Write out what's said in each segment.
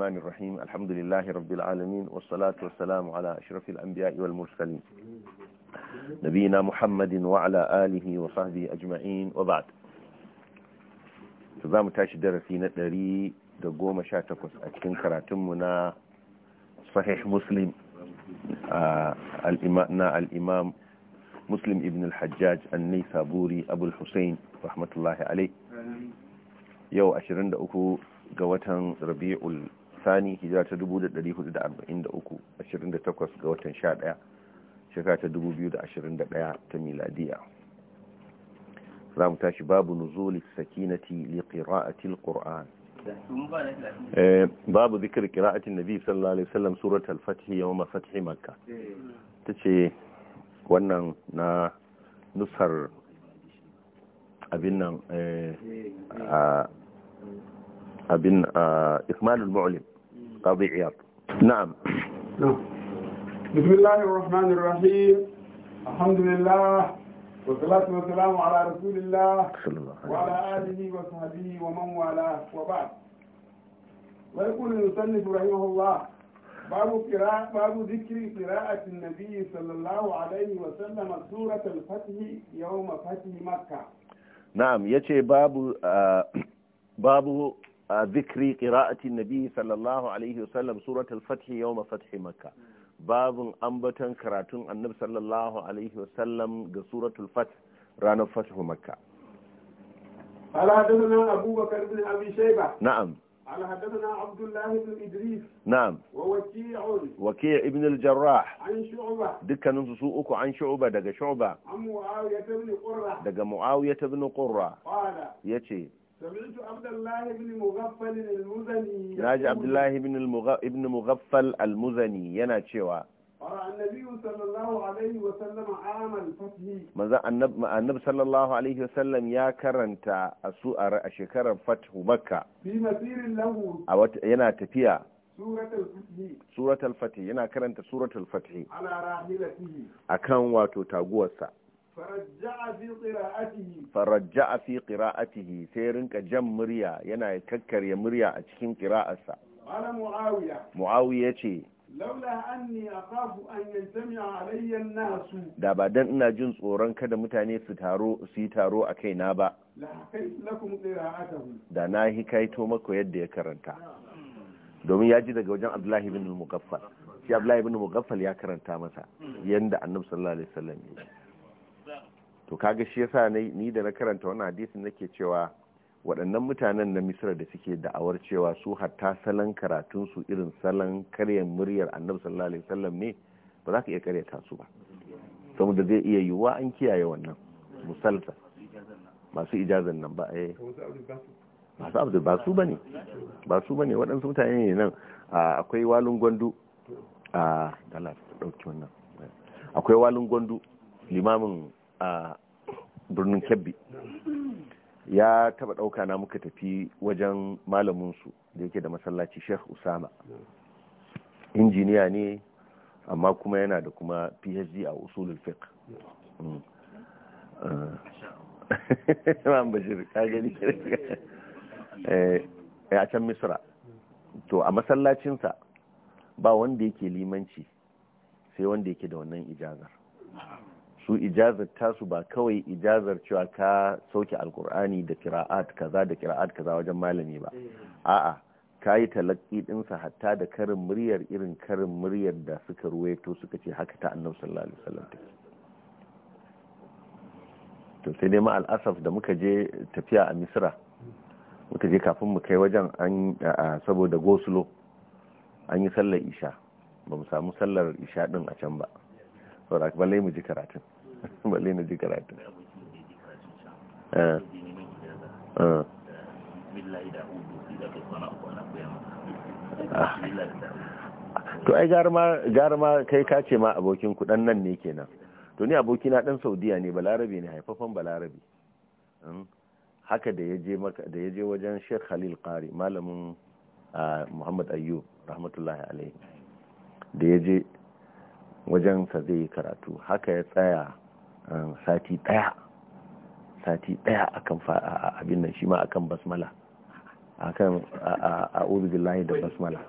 الرحمن الرحيم الحمد لله رب العالمين والصلاة والسلام على أشرف الأنبياء والمرسلين نبينا محمد وعلى آله وصحبه أجمعين وبعد فزام تاش درسينا دري دقوم شاتكوس أتكن كراتمنا صحيح مسلم آه الإمام مسلم ابن الحجاج النيسابوري أبو الحسين رحمة الله عليه yau 23 ga watan rabi'ul sani hijira ta 1443 28 ga watan 11 shekara ta 2021 ta miladiya za mu tashi babu nuzulis sakinati li qira'atil qur'an eh, babu zikir qira'atin nabi sallallahu alaihi wasallam surat al-fath yawm fath makkah tace wannan na nusar abin nan eh, abin ikmalul mu'lim قاضي عياض نعم بسم الله الرحمن الرحيم الحمد لله والصلاة والسلام على رسول الله وعلى آله وصحبه ومن والاه وبعد ويقول المصنف رحمه الله باب قراءة باب ذكر قراءة النبي صلى الله عليه وسلم سورة الفتح يوم فتح مكة نعم يتي باب آه باب ذكر قراءة النبي صلى الله عليه وسلم سورة الفتح يوم فتح مكة باب أنبتا كراتون النبي صلى الله عليه وسلم سورة الفتح رانا فتح مكة على حدثنا أبو بكر بن أبي شيبة نعم على حدثنا عبد الله بن إدريس نعم ووكيع وكيع ابن الجراح عن شعبة دكا ننسوءك عن شعبة دقى شعبة عن معاوية بن قرة دقى معاوية بن قرة قال يتي Na ji Abdullahi ibn Mughaffal al-Muzani yana cewa, Annab sallallahu alaihi wasallam ya karanta a su'ar a shekarar fathu Makka. Yana tafiya. Surat al-Fatih. Surat al-Fatih yana karanta Surat al-Fatih. A kan wato taguwarsa. Faradja afi ƙira atihi. Faradja afi sai rinƙa jan murya yana ƙaƙƙar ya murya a cikin ƙira assa. Wala mu'awia. ce. Lawlan amni a an yance mai halayen nasu. Da ba dan ina jin tsoron kada mutane su yi taro a kai na ba. Da na yi hikayeto mako yadda ya karanta. Domin ya ji daga wajen Abdullahi ibn Mugaffal, sai Abdullahi ibn Mugaffal ya karanta masa, yadda annum Sallare Sallam ne. to kaga shi yasa ni da na karanta wannan hadisin nake cewa waɗannan mutanen na misra da suke da'awar cewa su hatta salon su irin salon karyar muryar annabi sallallahu alaihi wasallam ne ba za ka iya karyata su ba saboda zai iya yiwuwa an kiyaye wannan musalta masu ijazan nan ba eh masu abdul ba su bane ba su bane waɗansu mutane ne nan akwai walun gwandu a dala ɗauki wannan akwai walun gwandu limamin a birnin kebbi ya taba ɗauka na muka tafi wajen malaminsu da yake da masallaci sheikh usama injiniya ne amma kuma yana da kuma phd a usulul fiqh mm. eh, eh, a can Misra to a masallacinsa ba wanda yake limanci sai wanda yake da wannan ijazar su ijazar tasu ba kawai ijazar cewa ka sauke alkur'ani da kira'at kaza da kira'at kaza wajen malami ba mm. a'a ka yi talaki dinsa hatta da karin muryar irin karin muryar da suka ruwaito suka ce haka ta annabi sallallahu alaihi wasallam to sai dai ma al'asaf da muka je tafiya a misra muka je kafin mu kai wajen an saboda gosulo an yi sallar isha ba mu samu sallar isha din a can ba saboda balle mu ji karatun balle na ji karatun eh. eh. ah. to ai gara ma kai ka ce ma abokin kudan nan ne kenan to ni abokina dan saudiya ne balarabe ne haifafan balarabe hmm. haka da ya je wajen sheikh khalil qari malamin ah, muhammad ayyub rahmatullahi alaihi da ya je wajensa zai yi karatu haka ya tsaya um, sati daya sati daya akan abin nan shi ma akan basmala akan a billahi da basmala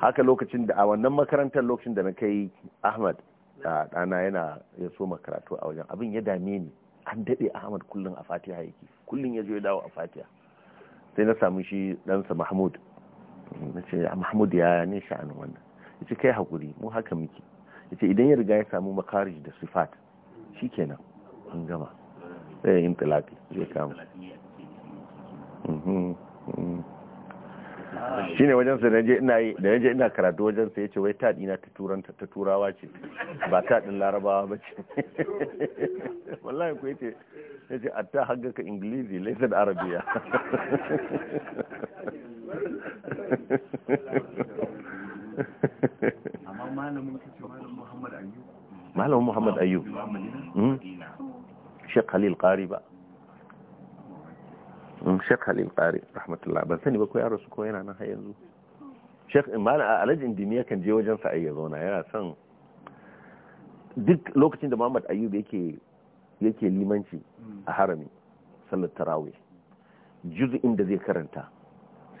haka lokacin da a wannan makarantar lokacin da na kai Ahmad dana yana ya so karatu a wajen abin ya dame ni an daɗe Ahmad kullum a Fatiha yake kullum ya zo ya dawo a Fatiha sai na samu shi ɗansa Mahmud na ce Mahmud ya ne sha'anin wannan ce kai hakuri mu haka muke ce idan ya riga ya samu makarij da sifat kenan an gama sai intilaqi zai kama mhm, mhm. shi ne wajensa da yaje ina karatu wajensa ya ce wai taɗina ta turawa ce ba taɗin larabawa ba ce wallahi ku yace ya ce atta haggaka ingilizi laisa da arabiya amma malamin kace malamin Muhammad Ayyub malamin Muhammad Ayyub hmm? Sheikh Khalil Qari ba hmm, Sheikh Khalil Qari rahmatullah ban sani ba ko yaro su ko yana nan har yanzu Sheikh Imana alajin Indimiya kan je wajen sa ya zauna yana son duk lokacin da Muhammad Ayyub yake yake limanci hmm. a harami sallar tarawih juz'in da zai karanta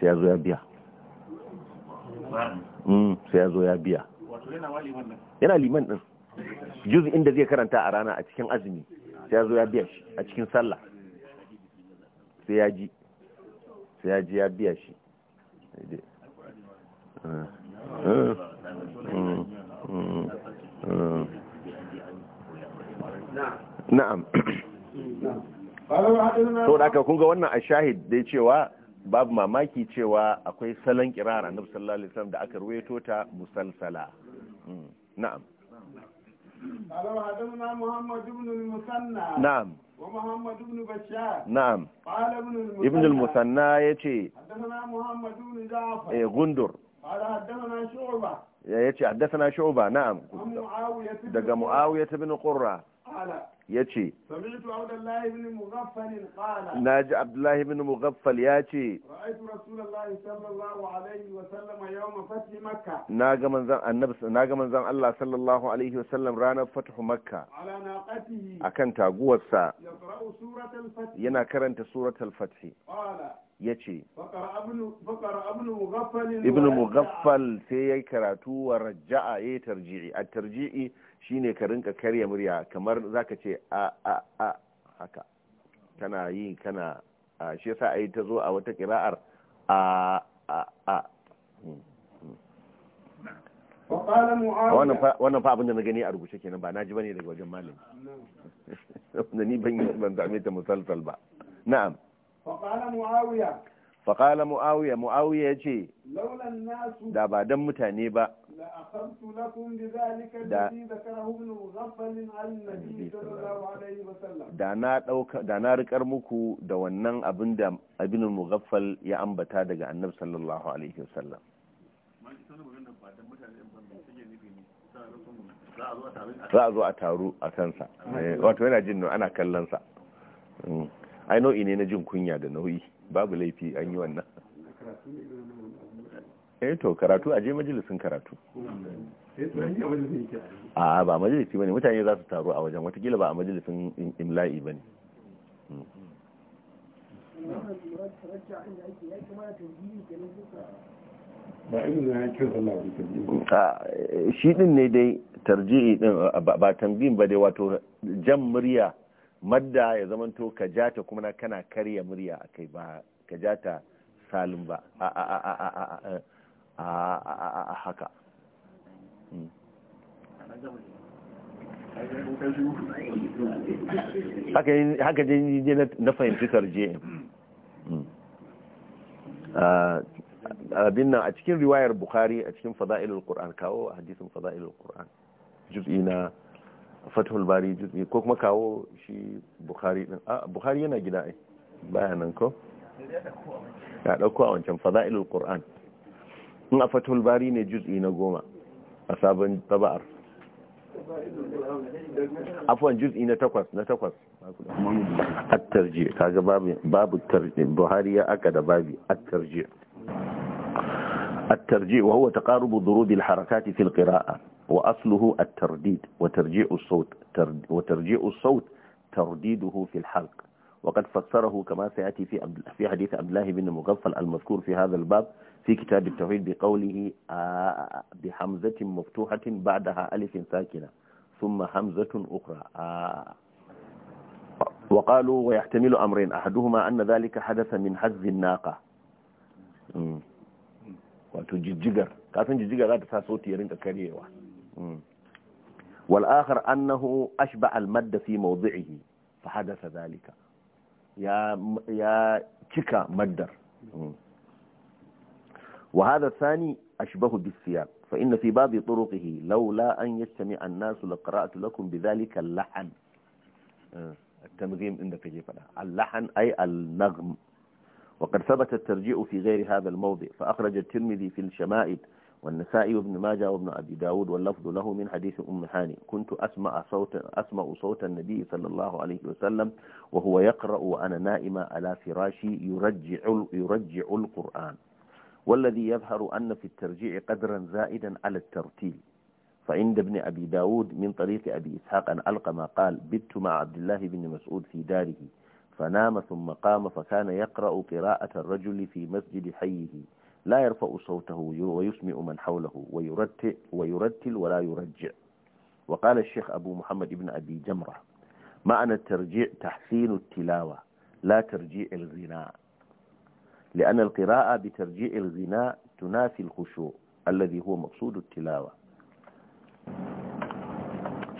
sai ya zo ya biya Mm, sai ya zo ya biya yana liman din juz'in inda zai karanta a rana a cikin azumi sai ya zo ya biya shi a cikin sallah sai ya ji sai ya ji ya biya shi na'am to da aka kunga wannan a shahid dai cewa babu mamaki cewa akwai salon kirara na musallar alaihi da aka ruwaito ta musalsala hmm. na'am Salam na musanna Na'am. Wa Muhammad ya ce. Na'am. na Muhammad ibn Ja'far. Eh Ya yace haddathana ƙura. ya ce na ji abdullahi bin mughaffal ya ce na ga manzan Allah sallallahu alaihi wasallam ranar fatahu makka a kan taguwarsa yana karanta suratul fathi ya ce ibn mughaffal sai ya yi karatu wa raja'a ya yi tarji'i a tarji'i Shi ne ka rinka karya murya kamar zaka ce a a a haka kana yi kana shi yasa yi ta zo a wata kira'ar a a a hmm, hmm. wannan fa abin da na gani a rubuce kenan ba na ji bane daga wajen malami da ni ban yi ban zame ta musalsal ba na'am faqala muawiya faqala muawiya muawiya ce da ba dan mutane ba لأخذت لكم بذلك الذي ذكره ابن مغفل عن النبي صلى الله عليه وسلم da na dauka da rikar muku da wannan abin da ibn mughaffal ya ambata daga annabi sallallahu alaihi wasallam za a zo a taru a kansa wato yana jin ana kallon sa ai nau'i ne na jin kunya da nauyi babu laifi an yi wannan eh to karatu a je majalisin karatu eh, a ba majalisi bane mutane za su taru a wajen watakila ba a majalisin imla'i hmm. ba ne. Eh, shi din ne dai tarji'i din ba tambayin ba dai wato jan murya madda ya zamanto ka jata kuma kana karya murya kai ba ka jata salim ba a a a a a haka hmm. haka je na fahimci sarje hmm. abin nan a cikin riwayar bukhari a cikin fada'ilul kur'an kawo a hadisin fada'ilul kur'an juz'i na fathul bari juz'i ko kuma kawo shi bukhari din a bukhari yana gida ai bayanan ko ya dauko a wancan fada'ilul kur'an. in a fatul bari ne juz'i na goma a sabon taba'ar afwan juz'i na takwas na takwas at-tarji kaga babu babu tarji buhari ya aka da babi at-tarji at-tarji wa huwa taqarubu durud al-harakat fi al-qira'a wa asluhu at-tardid wa tarji'u as-sawt wa tarji'u as-sawt tardiduhu fi al-halq وقد فسره كما سيأتي في في حديث عبد الله بن مغفل المذكور في هذا الباب في كتاب التوحيد بقوله بحمزة مفتوحة بعدها ألف ساكنة ثم حمزة أخرى وقالوا ويحتمل أمرين أحدهما أن ذلك حدث من حز الناقة وتجججر jijjigar kafin لا za ta sa والآخر أنه أشبع المد في موضعه فحدث ذلك ya cika maddar وهذا الثاني أشبه بالسياق فإن في بعض طرقه لولا أن يجتمع الناس لقرأت لكم بذلك اللحن التنظيم عندك جيفنا اللحن أي النغم وقد ثبت الترجيع في غير هذا الموضع فأخرج الترمذي في الشمائد والنسائي وابن ماجه وابن أبي داود واللفظ له من حديث أم حاني كنت أسمع صوت, أسمع صوت النبي صلى الله عليه وسلم وهو يقرأ وأنا نائمة على فراشي يرجع, يرجع القرآن والذي يظهر أن في الترجيع قدرا زائدا على الترتيل فعند ابن أبي داود من طريق أبي إسحاق أن ألقى ما قال بت مع عبد الله بن مسعود في داره فنام ثم قام فكان يقرأ قراءة الرجل في مسجد حيه لا يرفع صوته ويسمع من حوله ويرتل, ويرتل ولا يرجع وقال الشيخ أبو محمد بن أبي جمرة معنى الترجيع تحسين التلاوة لا ترجيع الغناء لأن القراءة بترجيع الغناء تنافي الخشوع الذي هو مقصود التلاوة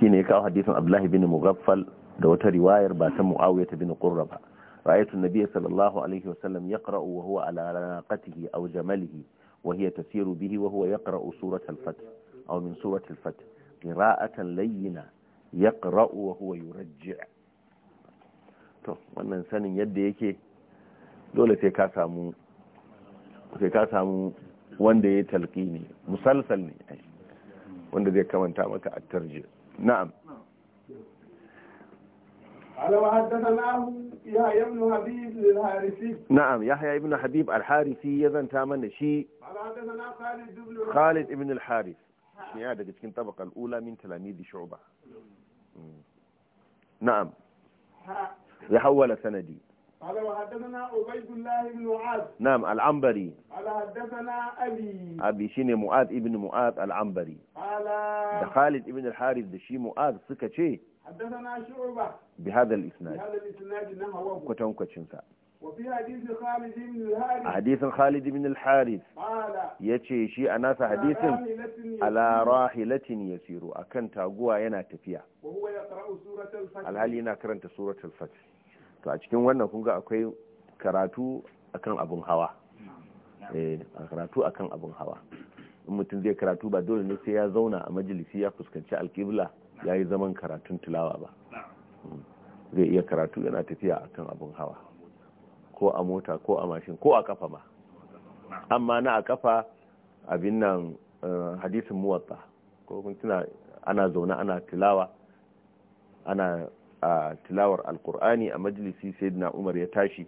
شيء يكاو حديث عبد الله بن مغفل دوت رواير باسم معاوية بن قربة رأيت النبي صلى الله عليه وسلم يقرأ وهو على ناقته أو جمله وهي تسير به وهو يقرأ سورة الفتح أو من سورة الفتح قراءة لينة يقرأ وهو يرجع to wannan sanin yadda yake dole sai ka samu sai ka samu wanda ya talqini musalsal ne wanda zai kamanta maka at-tarjih na'am قال وحدثناه يحيى بن حبيب الحارثي نعم يحيى بن حبيب الحارثي يزن تامن شي قال حدثنا خالد بن خالد بن الحارث يا daga cikin tabaka al'ula min talamidi shu'ba na'am ya hawala sanadi قال وحدثنا عبيد الله بن معاذ نعم العنبري قال حدثنا ابي ابي شيني معاذ ابن معاذ العنبري قال ده خالد ابن الحارث ده شي معاذ suka ce حدثنا شعبة بهذا الإسناد بهذا الإسناد نهوه كتنكتشن سا وفي حديث خالد بن الحارث حديث خالد بن الحارث قال يتشي شي أنا حديث على راحلة يسير أكن تاقوى ينا تفيا وهو يقرأ سورة الفتح الهالي ينا كرنت سورة الفتح to a cikin wannan kun ga akwai karatu akan abun hawa eh karatu akan abun hawa in mutum zai karatu ba dole ne sai ya zauna a majalisi ya fuskanci alkibla ya yi zaman karatun tilawa ba zai iya karatu yana tafiya a kan abin hawa ko a mota ko a mashin ko a kafa ma amma na a kafa abin nan eh, hadisin muwatta ko kun ana zaune ana tilawa ana a tilawar alkur'ani a majalisi sai na umar ya tashi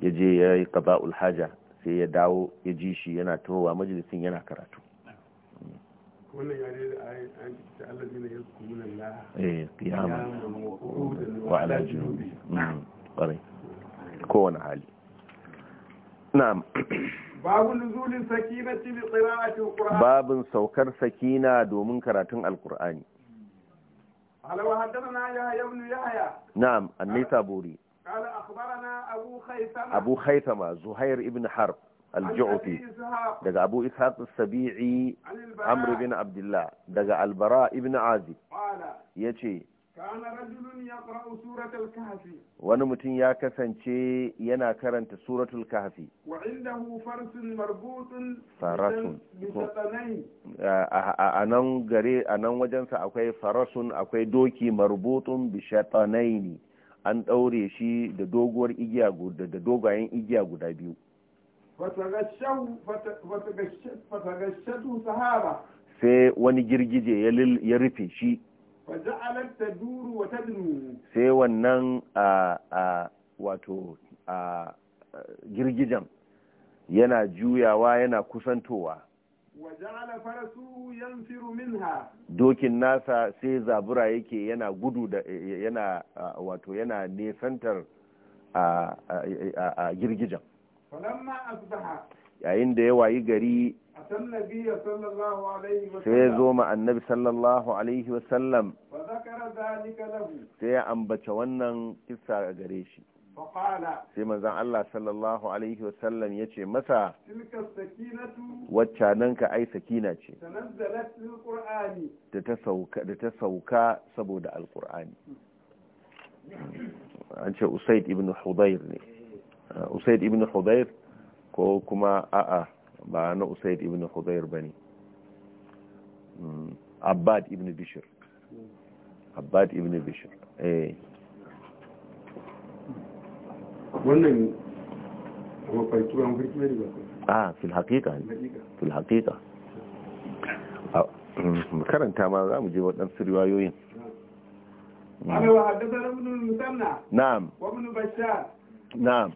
ya je ya yi haja sai ya dawo ya ji shi yana towa majalisin yana karatu قياما وعلى جنوبه كون عالي نعم باب نزول سكينة لقراءة القرآن باب سوكر سكينة دو منكرة القرآن قال وحدثنا يا ابن يحيى نعم النيتابوري قال أخبرنا أبو خيثمة أبو خيثمة زهير ابن حرب aljuufi daga abu ishaq sabi'i amr bin abdullah daga albara ibin azi yace wani mutum ya kasance yana karanta suratul kafi gare anan wajensa akwai farasun akwai doki marbutun bishaɗanaine an ɗaure shi da dogayen igiya guda biyu fatagashatu sahaba sai wani girgije ya rufe shi faja'alat duru wa tadnu sai wannan a wato a girgijen yana juyawa yana kusantowa waja'ala farasu yanfiru minha dokin nasa sai zabura yake yana gudu da yana wato yana nesantar a girgijen yayin da ya wayi gari sai ya zo ma annabi sallallahu alaihi wasallam sai ya ambace wannan kissa a gare shi sai manzan Allah sallallahu alaihi wasallam ya ce masa nan ka ai sakina ce da ta sauka saboda alkur'ani an ce usaid ibn hudayr ne usaid ibn hudayr ko kuma a'a ba na usaid ibn hudayr ba ne abbad ibn bishir abbad ibn bishir eh wannan mafarkiwan farkiwa ne ba ku a fil haƙiƙa ne fil haƙiƙa karanta ma za mu je waɗansu riwayoyin نعم وابن بشار na'am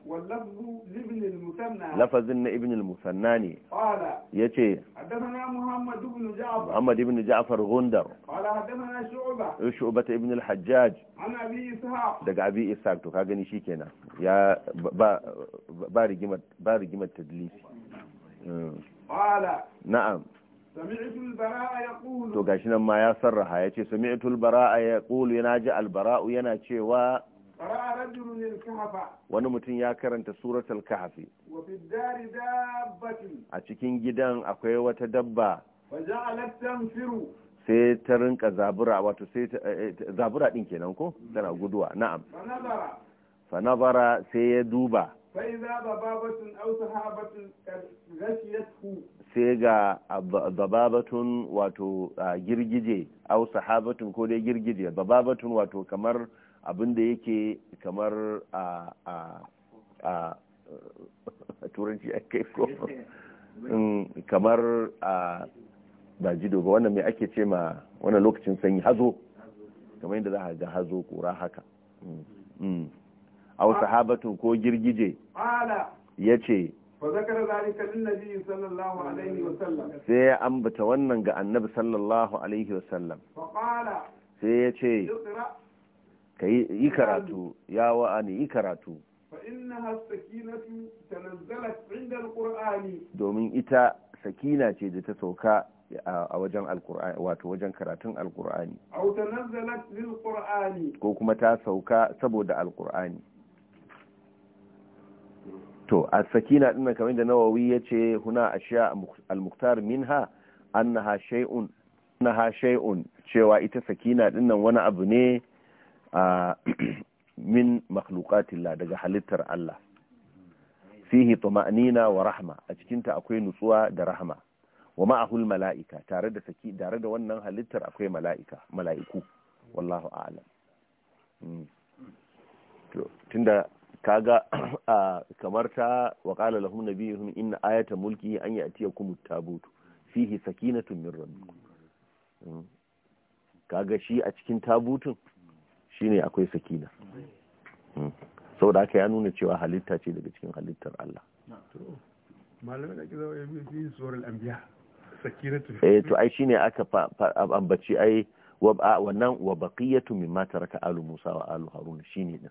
lafazin na ibn al ne ya ce muhammad ibn ja'far gundar shu'ubata ibn hajjaj daga abi ishaq to ka gani shi kenan ya ba rigimar tadlisi na'am to gashi nan ma ya sarraha ya ce sami'tul bara'a ya ƙulu yana ji albara'u yana cewa wani mutum ya karanta suratul kahfi a cikin gidan akwai wata dabba sai ta rinka zabura wato sai eh, eh, zabura din kenan ko tana guduwa na'am fanabara sai ya duba sai ga bababatun wato ah, girgije au sahabatun ko dai girgije bababatun wato kamar abinda yake kamar a a turanci ake ko mm, kamar a ba ji ba wannan mai ake ce ma wannan lokacin sanyi hazo kamar yadda za a ga hazo kura haka mm, mm. a wasu habatu ko girgije ya ce sai ya ambata wannan ga annabi sallallahu alaihi wasallam sai ya ce ka yi karatu ya wa'ani yi karatu domin ita sakina ce da ta sauka a wajen alkur'ani wato wajen karatun alkur'ani ko kuma ta sauka saboda alkur'ani to a sakina ɗin kamar da nawawi ya ce huna a sha al an na ha Shaiun. cewa ita sakina ɗin nan wani abu ne min makhluqatillah daga halittar Allah fihi tuma'nina wa rahma a cikinta akwai nutsuwa da rahma wa ma'ahul mala'ika tare da saki tare da wannan halittar akwai mala'ika mala'iku wallahu a'lam hmm. tunda kaga kamar ta wa qala lahum nabiyuhum inna ayata mulki an ya'tiyakum at-tabut fihi sakinatun min rabbikum hmm. kaga shi a cikin tabutun shine akwai sakina Sau hmm. saboda haka ya nuna cewa halitta ce daga cikin halittar Allah malamai da kizo ya fi suwar al'ambiya sakinatu eh to ai shine aka ambaci ai wannan wa baqiyatu mimma taraka alu Musa wa alu Haruna shine din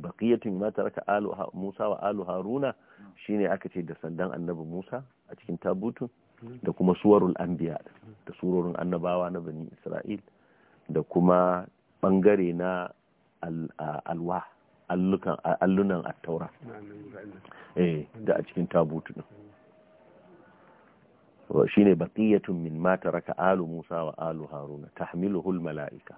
baqiyatu mimma taraka alu Musa wa alu Haruna shine aka ce da sandan annabi Musa a cikin tabutun da kuma suwarul anbiya da surorin annabawa na bani Isra'il da kuma bangare na alwa allunan attaura eh da a cikin tabutu din shine baqiyatun min ma taraka alu musa wa alu haruna tahmiluhu malaika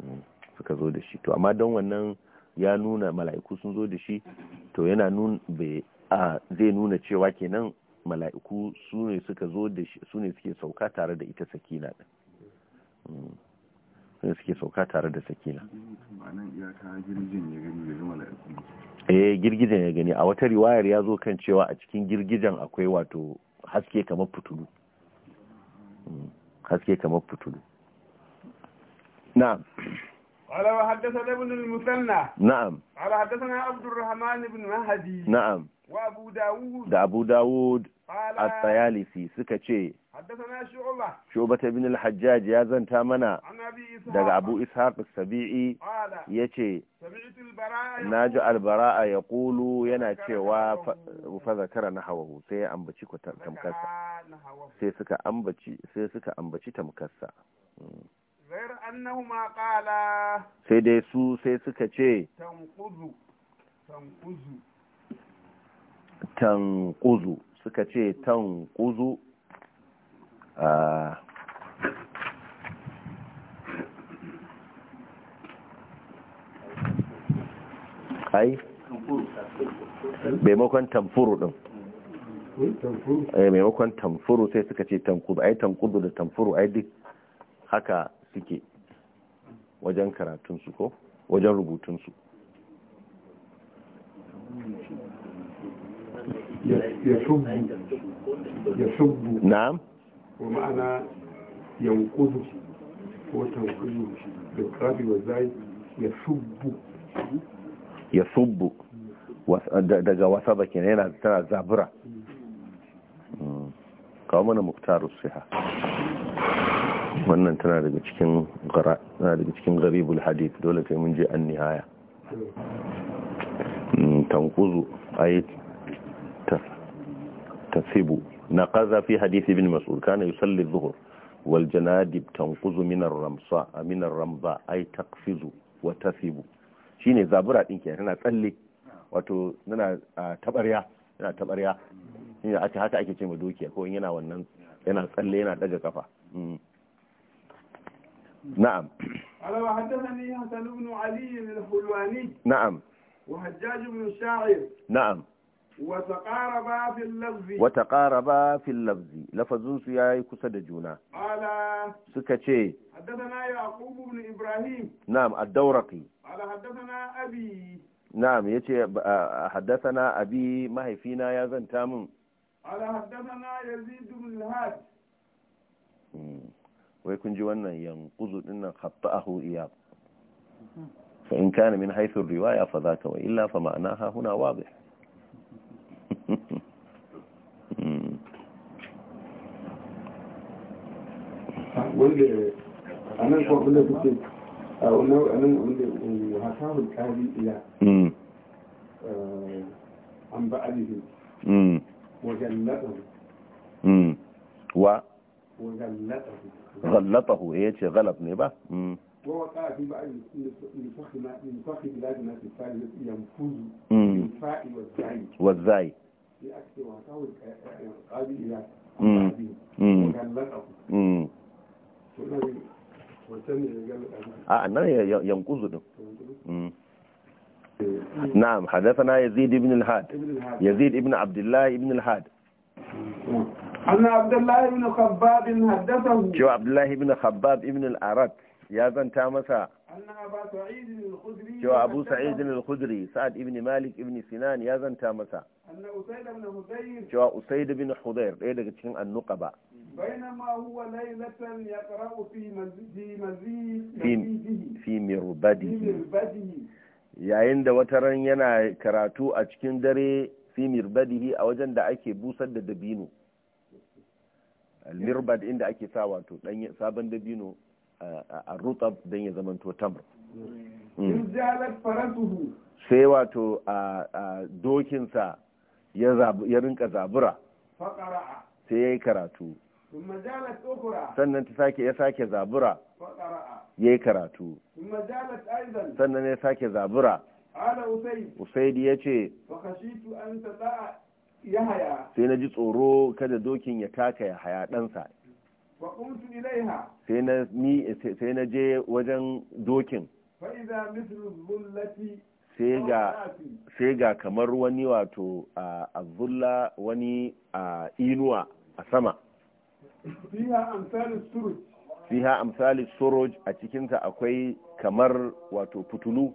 hmm, suka zo da shi to amma don wannan ya nuna mala'iku sun zo da shi to yana nun zai nuna cewa kenan mala'iku su ne suka zo da shi su ne suke sauka tare da ita sakina din hmm. sai suke sauka tare da sakina eh girgijen ya gani a wata riwayar ya zo kan cewa a cikin girgijen akwai wato haske kamar fitulu hmm, haske kamar fitulu na'am قال وحدثنا ابن المثنى نعم قال حدثنا عبد الرحمن بن مهدي نعم وابو داوود دا ابو داوود الطيالسي سكتشي حدثنا شعبة شعبة بن الحجاج يا زنتا منا دغ أبو إسحاق السبيعي يتشي سمعت البراء ناجو البراء يقول يناتشي وفذكر نحوه سي أنبتشي تمكسا سي سكا أنبتشي سي سكا أنبتشي تمكسا غير أنه ما قال سي دي سو سي سكتشي تنقذ تنقذ تنقذ suka ce tan kuzu kai maimakon tamfuru din eh, maimakon tamfuru sai suka ce tankudu ai tankudu da tamfuru ai duk haka suke wajen karatun su ko wajen rubutun su. يشب يشب نعم ومعنى ينقذ وتنقذ بالقلب والزاي يشب يصب daga wasaba kenan yana tana zabura kawo mana muktaru siha wannan tana daga cikin gara tana daga garibul hadith dole sai mun je an nihaya tankuzu تنكسب نقذ في حديث ابن مسعود كان يصلي الظهر والجنادب تنقذ من الرمصاء من الرمضاء اي تقفز وتثب shine zabura din ke tana tsalle wato tana tabarya yana tabarya shine ake haka ake ce ma dokiya ko yana wannan yana tsalle yana daga kafa na'am haddathani hasan ibn ali al-hulwani na'am wa hajjaj ibn na'am وتقاربا في اللفظ وتقاربا في اللفظ لفظون سياي كسد جونا قال سكتشي حدثنا يعقوب بن إبراهيم نعم الدورقي قال حدثنا أبي نعم يتي آه، حدثنا أبي ما هي فينا يا زن قال حدثنا يزيد بن الهاد ويكون جوانا ينقض إن خطأه اياه فإن كان من حيث الرواية فذاك وإلا فمعناها هنا واضح أنا مش هقول لك أقول له أنا لك هحاول هذه إلى عن وجلته وجلتهم و وجلته غلطه إيه شيء غلط نبا ووقع في بعض نفخ نفخ بلادنا في الفاعل ينفذ الفاء والزاي والزاي في أكثر إلى a nan yankuzu din na'am hadathana yazid ibn al-had yazid ibn abdullah ibn al-had anna abdullah ibn khabbab hadathahu jo abdullah ibn khabbab ibn al-arad ya zanta masa cewa abu sa'id al-khudri sa'ad ibn malik ibn sinan ya zanta masa cewa Usayd ibn hudayr ɗaya daga cikin annuqaba بينما هو yayin da wata ran yana karatu a cikin dare fi mirbadihi a wajen da ake busar da dabino mirbad inda ake sa wato sabon dabino a rutab don ya zamanto tamar sai wato a dokinsa ya rinka zabura sai ya yi karatu sannan ta sake ya sake zabura ya yi karatu sannan ya sake zabura usaidi ya ce sai na ji tsoro kada dokin ya taka ya haya ɗansa sai na je wajen dokin sai ga kamar wani wato a zulla wani a inuwa a sama fiha amsalis suroj a cikinta akwai kamar wato fitulu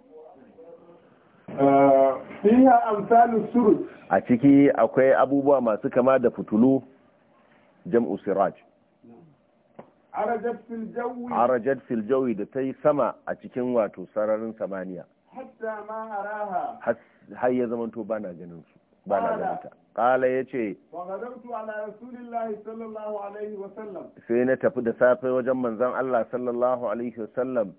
eh, fiha amsalis suroj a ciki akwai abubuwa masu kama da fitulu jam'u siraj arajat fil jawi da ta yi sama a cikin wato sararin samaniya har ya zama to bana ganin su ba ganin ta Kala ya ce, Sai na tafi da safe wajen manzan Allah sallallahu Alaihi wasallam.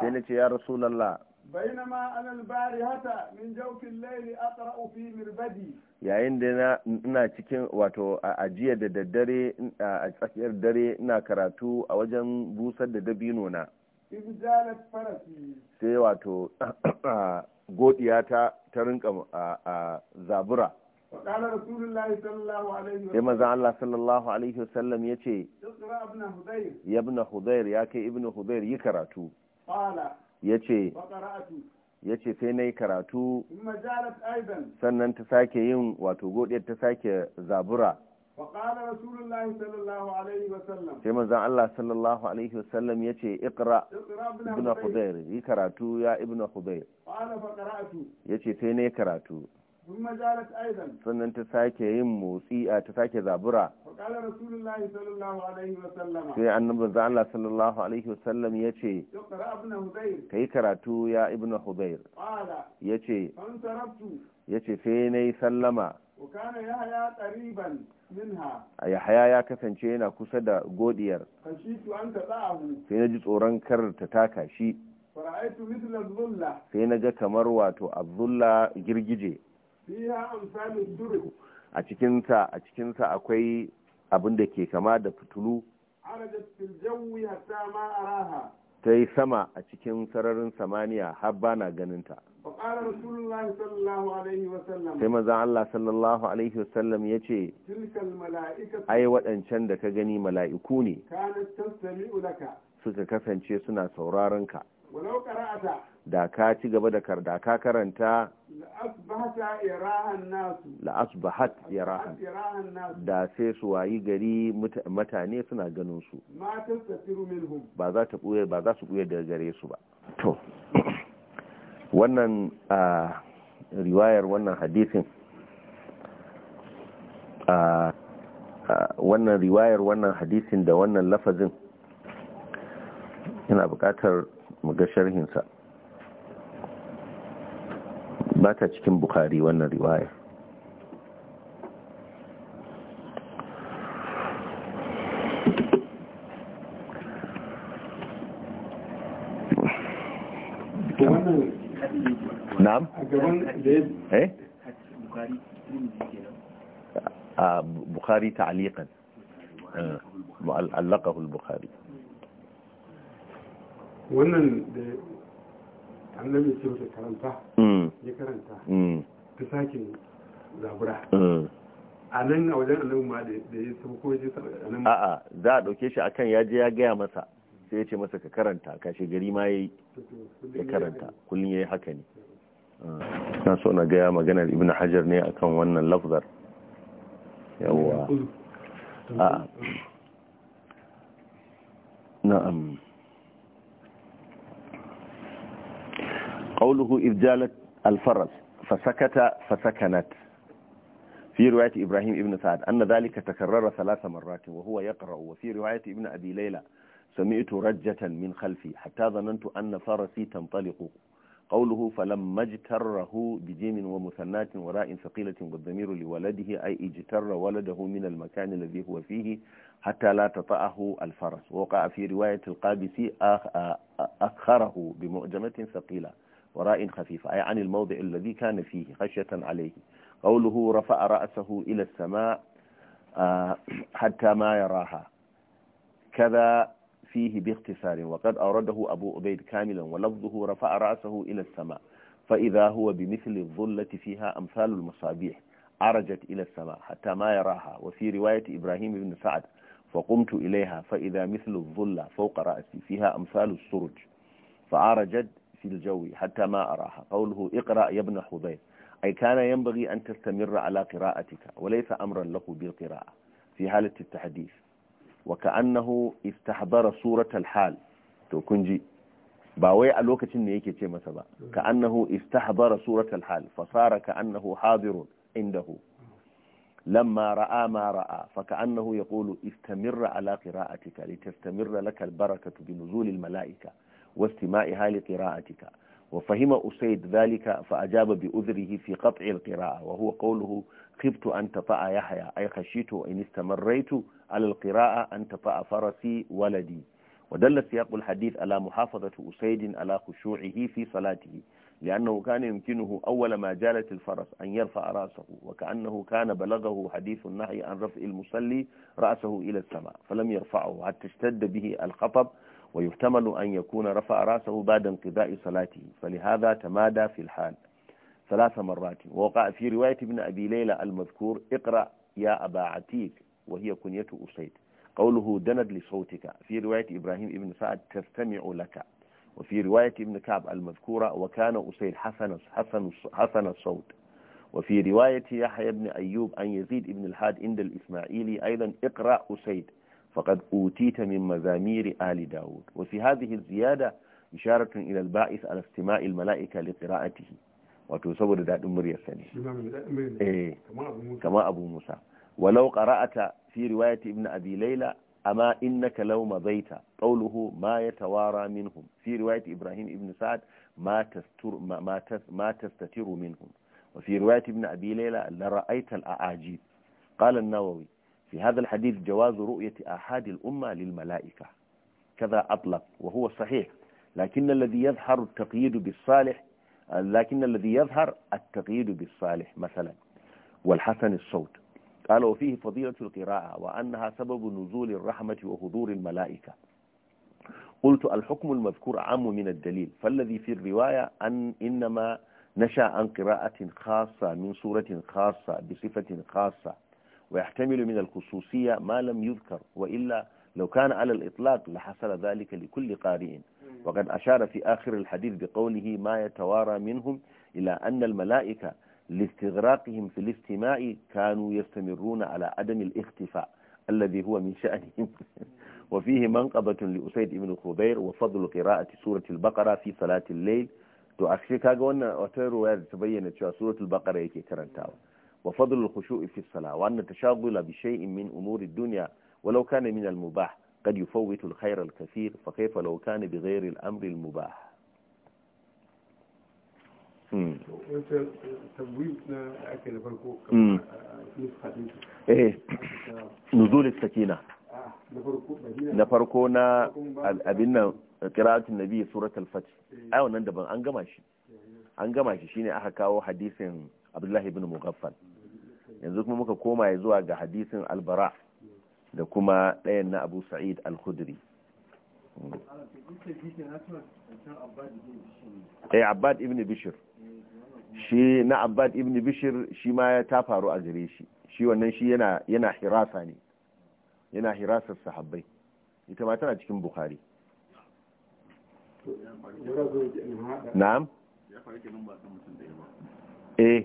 Sai na ce, Ya Rasulallah. بينما أنا البارهة من جوف الليل أقرأ في مربدي yayin da ina cikin wato ajiya da daddare a tsakiyar dare ina karatu a wajen busar da dabino na sai wato godiya ta ta rinka zabura sai maza Allah sallallahu alaihi wasallam ya ce, Ya bina Hudayr ya kai ibina Hudayr yi karatu. Ya ce, Ya ce sai na yi karatu. Sannan ta sake yin wato godiyar ta sake zabura. وقال رسول الله صلى الله عليه وسلم sai manzon Allah sallallahu alaihi wasallam yace iqra ibn khudair yi karatu ya ibn khudair qala fa qara'tu yace sai karatu kuma jarat aidan sannan ta sake yin motsi ta sake zabura qala rasulullah sallallahu alaihi wasallam sai annabi manzon Allah sallallahu alaihi wasallam yace iqra ibn khudair kai karatu ya ibn khudair qala yace an tarabtu yace sai sallama وكان يحيى قريبا منها اي حيا يا كسانشي yana kusa da godiyar fashitu an tadahu sai naji tsoron kar ta taka shi fara'aitu mithl al-dhulla sai naga kamar wato abdullah girgije fiha amsal al a cikinsa akwai abin da ke kama da fitulu arajat fil jawi hatta ma araha ta yi sama a cikin sararin samaniya har ba na ganinta sai maza Allah sallallahu alaihi wasallam ya ce ai waɗancan da ka gani mala'iku ne suka kasance suna sauraron ka da ka ci gaba da karanta la'asbahat ya rahan da sai su wayi gari mutane suna ganin su ba za ta buye ba za su buye daga gare su ba to wannan a riwayar wannan hadisin a wannan riwayar wannan hadisin da wannan lafazin yana buƙatar mu ga sharhinsa ba ta cikin bukari wannan riwaya na'am eh بخاري تعليقا علقه البخاري wannan da annabi ce masa karanta hmm. ya karanta mm. mm. a nan ya a'a za a ɗauke shi akan ya je ya gaya masa sai ya ce masa ka karanta kashe gari ma ya ya karanta kullum ya yi haka ne mm. na so na gaya maganar ibn hajar ne akan wannan lafzar yawwa a na'am قوله إذ الفرس فسكت فسكنت في رواية إبراهيم ابن سعد أن ذلك تكرر ثلاث مرات وهو يقرأ وفي رواية ابن أبي ليلى سمعت رجة من خلفي حتى ظننت أن فرسي تنطلق قوله فلما اجتره بجيم ومثنات وراء ثقيلة والضمير لولده أي اجتر ولده من المكان الذي هو فيه حتى لا تطأه الفرس ووقع في رواية القابسي أخره بمعجمة ثقيلة وراء خفيفة أي عن الموضع الذي كان فيه خشية عليه قوله رفع رأسه إلى السماء آه، حتى ما يراها كذا فيه باختصار وقد أورده أبو أبيد كاملا ولفظه رفع رأسه إلى السماء فإذا هو بمثل الظلة فيها أمثال المصابيح عرجت إلى السماء حتى ما يراها وفي رواية إبراهيم بن سعد فقمت إليها فإذا مثل الظلة فوق رأسي فيها أمثال السرج فعرجت في الجو حتى ما أراها قوله اقرأ يا ابن حضير أي كان ينبغي أن تستمر على قراءتك وليس أمرا له بالقراءة في حالة التحديث وكأنه استحضر صورة الحال توكنجي باوي الوقت إن يكي تيمة با كأنه استحضر صورة الحال فصار كأنه حاضر عنده لما رأى ما رأى فكأنه يقول استمر على قراءتك لتستمر لك البركة بنزول الملائكة واستماعها لقراءتك وفهم أسيد ذلك فأجاب بأذره في قطع القراءة وهو قوله خفت أن تطأ يحيى أي خشيت إن استمريت على القراءة أن تطأ فرسي ولدي ودل سياق الحديث على محافظة أسيد على خشوعه في صلاته لأنه كان يمكنه أول ما جالت الفرس أن يرفع رأسه وكأنه كان بلغه حديث النهي عن رفع المصلي رأسه إلى السماء فلم يرفعه حتى اشتد به الخطب ويحتمل أن يكون رفع رأسه بعد انقضاء صلاته فلهذا تمادى في الحال ثلاث مرات ووقع في رواية ابن أبي ليلى المذكور اقرأ يا أبا عتيق وهي كنية أسيد قوله دند لصوتك في رواية إبراهيم ابن سعد تستمع لك وفي رواية ابن كعب المذكورة وكان أسيد حسن, حسن, حسن الصوت وفي رواية يحيى بن أيوب أن يزيد ابن الحاد عند الإسماعيلي أيضا اقرأ أسيد فقد أوتيت من مزامير آل داود وفي هذه الزيادة إشارة إلى البائس على استماع الملائكة لقراءته وتصور ذات أمر يسني كما أبو موسى ولو قرأت في رواية ابن أبي ليلى أما إنك لو مضيت قوله ما يتوارى منهم في رواية إبراهيم ابن سعد ما, تستر ما, ما تستتر منهم وفي رواية ابن أبي ليلى لرأيت الأعاجيب قال النووي في هذا الحديث جواز رؤية آحاد الأمة للملائكة كذا أطلق وهو صحيح لكن الذي يظهر التقييد بالصالح لكن الذي يظهر التقييد بالصالح مثلا والحسن الصوت قال وفيه فضيلة القراءة وأنها سبب نزول الرحمة وحضور الملائكة قلت الحكم المذكور عام من الدليل فالذي في الرواية أن إنما نشأ عن قراءة خاصة من سورة خاصة بصفة خاصة ويحتمل من الخصوصية ما لم يذكر وإلا لو كان على الإطلاق لحصل ذلك لكل قارئ وقد أشار في آخر الحديث بقوله ما يتوارى منهم إلى أن الملائكة لاستغراقهم في الاستماع كانوا يستمرون على عدم الاختفاء الذي هو من شأنهم وفيه منقبة لأسيد بن خبير وفضل قراءة سورة البقرة في صلاة الليل to a shi kaga تبين wata ruwaya da ta وفضل الخشوع في الصلاة وأن التشاغل بشيء من أمور الدنيا ولو كان من المباح قد يفوت الخير الكثير فكيف لو كان بغير الأمر المباح ايه آه. نزول السكينة آه. نفركونا نا قراءة النبي سورة الفتح أو إيه. أيوة، نندبن أنقماش إيه. أنقماش شيني أحكاو حديث عبد الله بن مغفل yanzu kuma muka koma zuwa ga hadisin albara da kuma ɗayan na abu sa'id al-khudri eh abad ibn bishir shi na abad ibn bishir shi ma ya ta faru a gare shi shi wannan shi yana hirasa ne yana hirasar sahabbai ita ma tana cikin bukari. na'am eh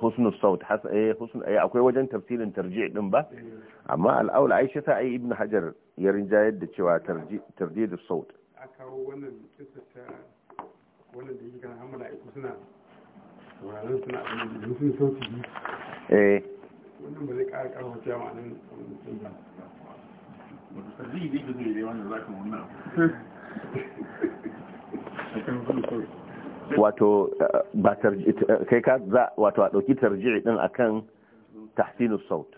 husnul saut akwai wajen tafsirin tarji din ba amma al'aula ai shi ai ibnu hajar ya rinjayar da cewa tarji da saut wannan kisa ta wannan da yake kan hamala suna suna abin da sun sauti eh wannan ba zai ƙara da wato ba kai ka za wato a ɗauki tarji'i ɗin akan tahsinu saut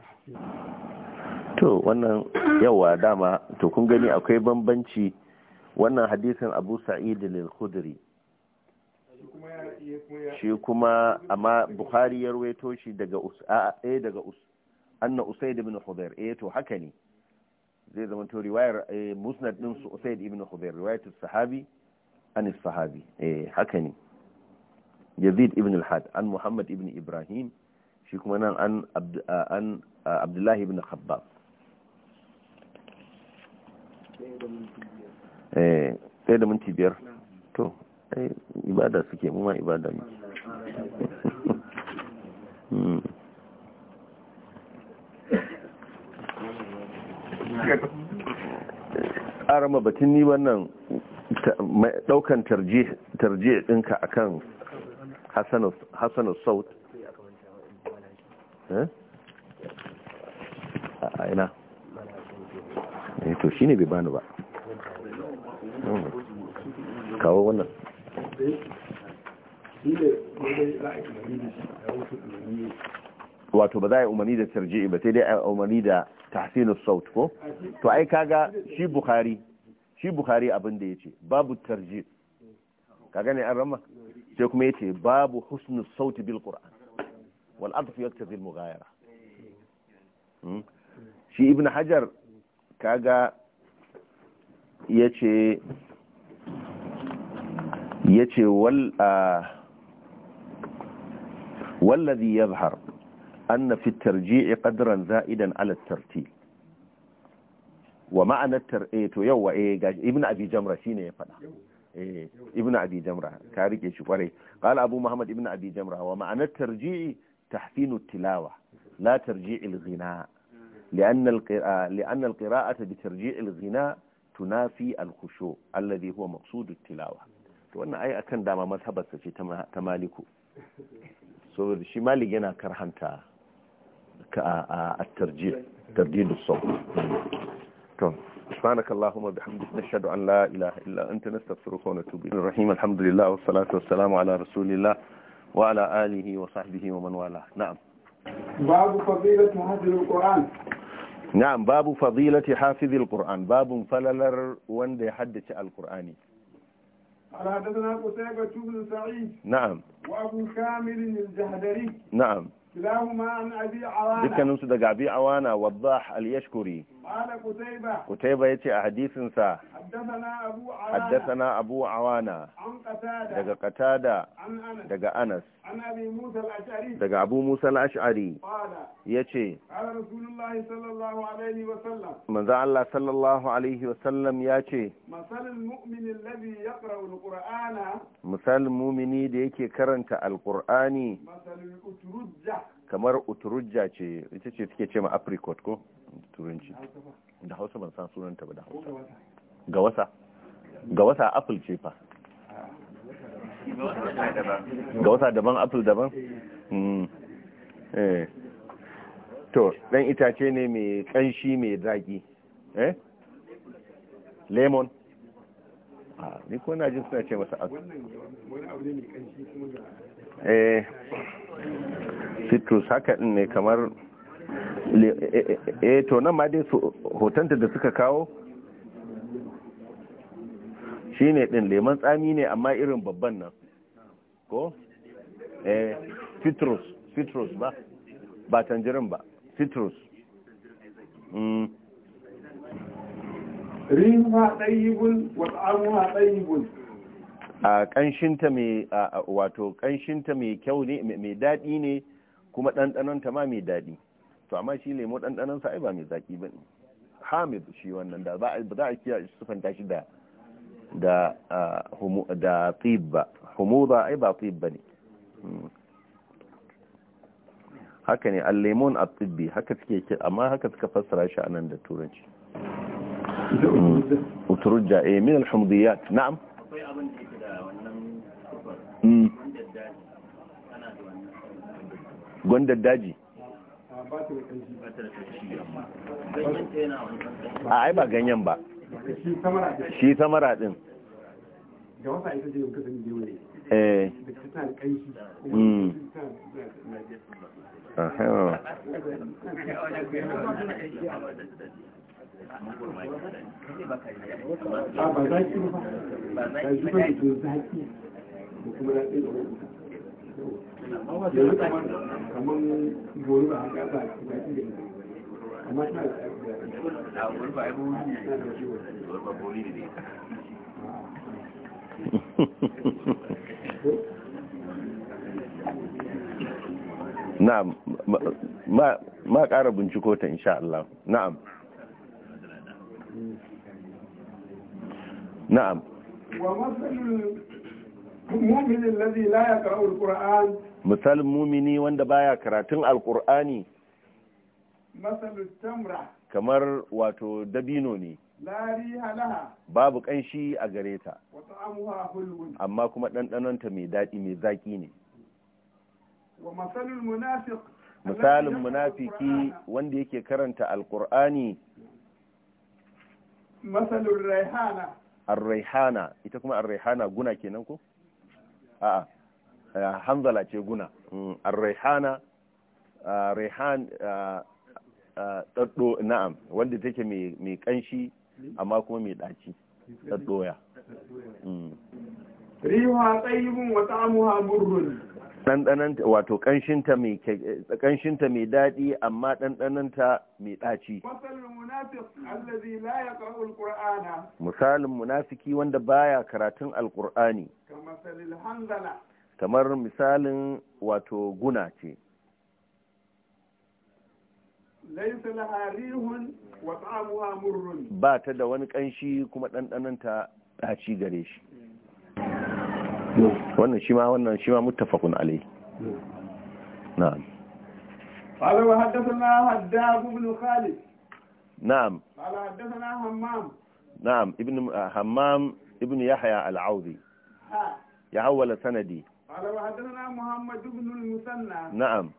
to wannan yawa dama to kun gani akwai bambanci wannan hadisin abu sa'id al-khudri shi kuma amma bukhari ya ruwaito shi daga a eh, daga Us. anna usaid ibn khudair eh to haka ne zai zama to riwayar eh, musnad din su usaid ibn khudair riwayatul sahabi an sahabi eh haka ne yazid ibn al-had an muhammad ibn ibrahim shi kuma nan an abdullahi ibn khabbab eh sai da minti biyar to ai eh, ibada suke mu ma ibada ne hmm. ƙara mabatin ni wannan ɗaukan tarje ɗinka akan hassan saut eh? a ina eh, to shi ne bai bani ba hmm. kawo wannan wato ba za a yi umarni da tarji'i ba sai dai a yi umarni da tahsinus saut ko to ai kaga shi bukhari shi bukhari abin da ya ce babu tarji kaga ne an rama sai kuma yace babu husnu sauti bil qur'an wal adf yaktazi al mughayara hmm? shi ibn hajar kaga yace yace wal والذي يظهر أن في الترجيع قدرا زائدا على الترتيل ومعنى الترئيت يوى ابن أبي جمرة ya يفعل eh ibnu abi rike shi kwarai qala abu muhammad ibnu abi wa ma'anar tarji'i tahsinu tilawa la tarji'i al-ghina لأن القراءة لأن القراءة بترجيع الغناء تنافي الخشوع الذي هو مقصود التلاوة wannan ai akan dama mazhabarsa ce ta maliku so shi malik yana karhanta ka a tarjid tarjidus sawt سبحانك اللهم وبحمدك نشهد أن لا إله إلا أنت نستغفرك ونتوب إليك الرحيم الحمد لله والصلاة والسلام على رسول الله وعلى آله وصحبه ومن والاه نعم باب فضيلة حافظ القرآن نعم باب فضيلة حافظ القرآن باب فللر وند يحدث القرآن قال حدثنا قتيبة بن سعيد نعم وأبو كامل الجهدري نعم dukkaninsu daga abi awana wadda al-yashkuri kutaiba ya ce a hadisinsa na abu awana daga katada daga anas daga abu musa al'ash'ari ya ce manzan Allah sallallahu alaihi wasallam ya ce misalin mumini da yake karanta alkur'ani kamar uturujja ce ita ce suke ce ma apricot ko turanci da hausa ban san sunanta ba da hausa ga wasa ga wasa apple ce fa ga wata daban apul daban hmm. eh. to dan itace ne mai kanshi mai zaki eh lemon a ni ko na jin suna ce masa apple eh citrus haka din ne kamar eh, eh, eh to nan ma dai hotanta da suka kawo shi ne ɗin lemon tsami ne amma irin babban nan ko? eh citrus citrus ba ba tanjirin ba citrus mm. rinuwa ɗayibun wat'amuwa ɗayibun a ƙanshinta mai wato ƙanshinta mai kyau ne mai daɗi ne kuma ɗanɗanonta ma mai daɗi to amma shi lemo ɗanɗanonsa ai ba mai zaƙi ba ne hamid shi wannan da ba za a kiyaye sufanta shi da da da tibba humuda ai ba tibba ne hmm. haka ne al-limun at-tibbi haka suke amma haka suka fassara shi anan da turanci hmm. uturja eh min al-humdiyat na'am akwai abin da yake da wannan hmm. gwandar daji a ai ba ganyen ba shi samara din da wasa ita ce yanka biyu ne eh da hmm. ah, ba shi na'am ma ma binciko ta insha Allah na'am na'am wa masalul mu'min alladhi la yaqra'u alqur'an masalul mu'mini wanda baya karatun alqur'ani masalul tamra kamar wato dabino ne babu kanshi a gare ta amma kuma ɗanɗanonta mai daɗi mai zaƙi ne misalin munafiki wanda yake karanta alƙur'ani masalin raihana arraihana ita kuma arraihana guna kenan ko a'a eh, hanzala ce guna mm, arraihana ah, raihan ah, ɗaɗɗo na'am wanda take mai ƙanshi amma kuma mai ɗaci ɗaɗɗoya mm. riha tsayibun wa ta'amuha burrun ɗanɗananta wato ƙanshinta mai ƙanshinta mai daɗi amma ɗanɗananta mai ɗaci misalin munafiki wanda baya karatun alƙur'ani kamar misalin wato guna ce laisa laha rihun wa ta'amuha murrun ba ta da wani kanshi kuma dandanan ta ci gare shi wannan shi ma wannan shi ma kun alai na'am qala Haddasa na hadda ibn khalid na'am qala haddathana hammam na'am ibn uh, hammam ibn Yahaya al-audi ya awwala sanadi قال وحدثنا محمد بن المثنى نعم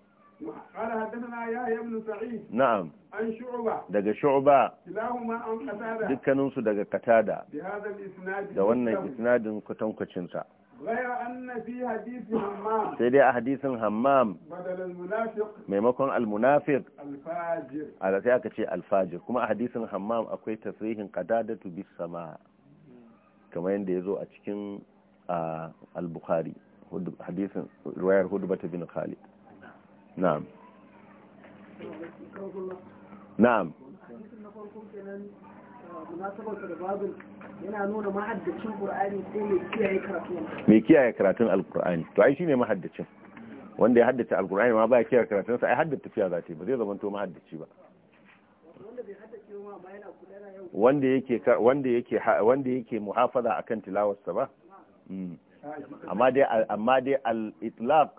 قال حدثنا يحيى بن سعيد نعم عن شعبة daga Shu'ba kilahuma an Qatada dukkanin su daga Qatada bi hadha al-isnad da wannan isnadin kwatankwacin sa sai dai a hadisin hammam maimakon almunafir ala sai aka ce alfajir kuma a hadisin hammam akwai tasrihin qadadatu bis sama kamar yadda ya zo a cikin al-bukhari hadisin riwayar hudbata bin khalid na'am na'am yana nuna mahaddacin qur'ani ko mai kiyaye karatun mai kiyaye karatun alqur'ani to ai mahaddacin wanda ya haddace alqur'ani ma ba ya kiyaye karatun sa ai haddace tafiya zata ba zai zamanto mahaddaci ba wanda yake wanda yake wanda yake muhafaza akan tilawarsa ba hmm. amma dai amma dai al-itlaq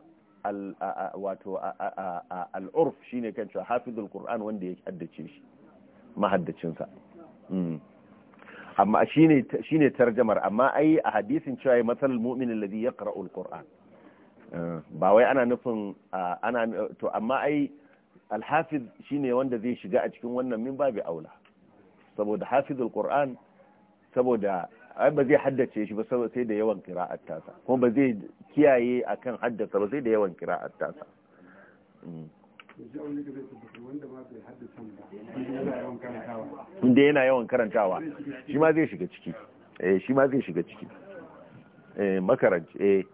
wato al'urf shi ne kan cewa hafizul ƙur'an wanda ya haddace shi mahaddacinsa hmm. amma shi ne tarjamar amma ai a hadisin cewa ya matsalar mu'minin ladhi ya ƙara'ul ƙur'an eh, ba wai ana nufin ana to amma ai alhafiz shi ne wanda zai shiga a cikin wannan min babu aula saboda hafizul ƙur'an saboda ai ba zai haddace shi ba sai da yawan kira'ar tasa kuma ba zai kiyaye akan haddasa ba sai da yawan kira'ar tasa mm. inda yana yawan karantawa shi ma zai shiga ciki eh shi ma zai shiga ciki eh makaranci eh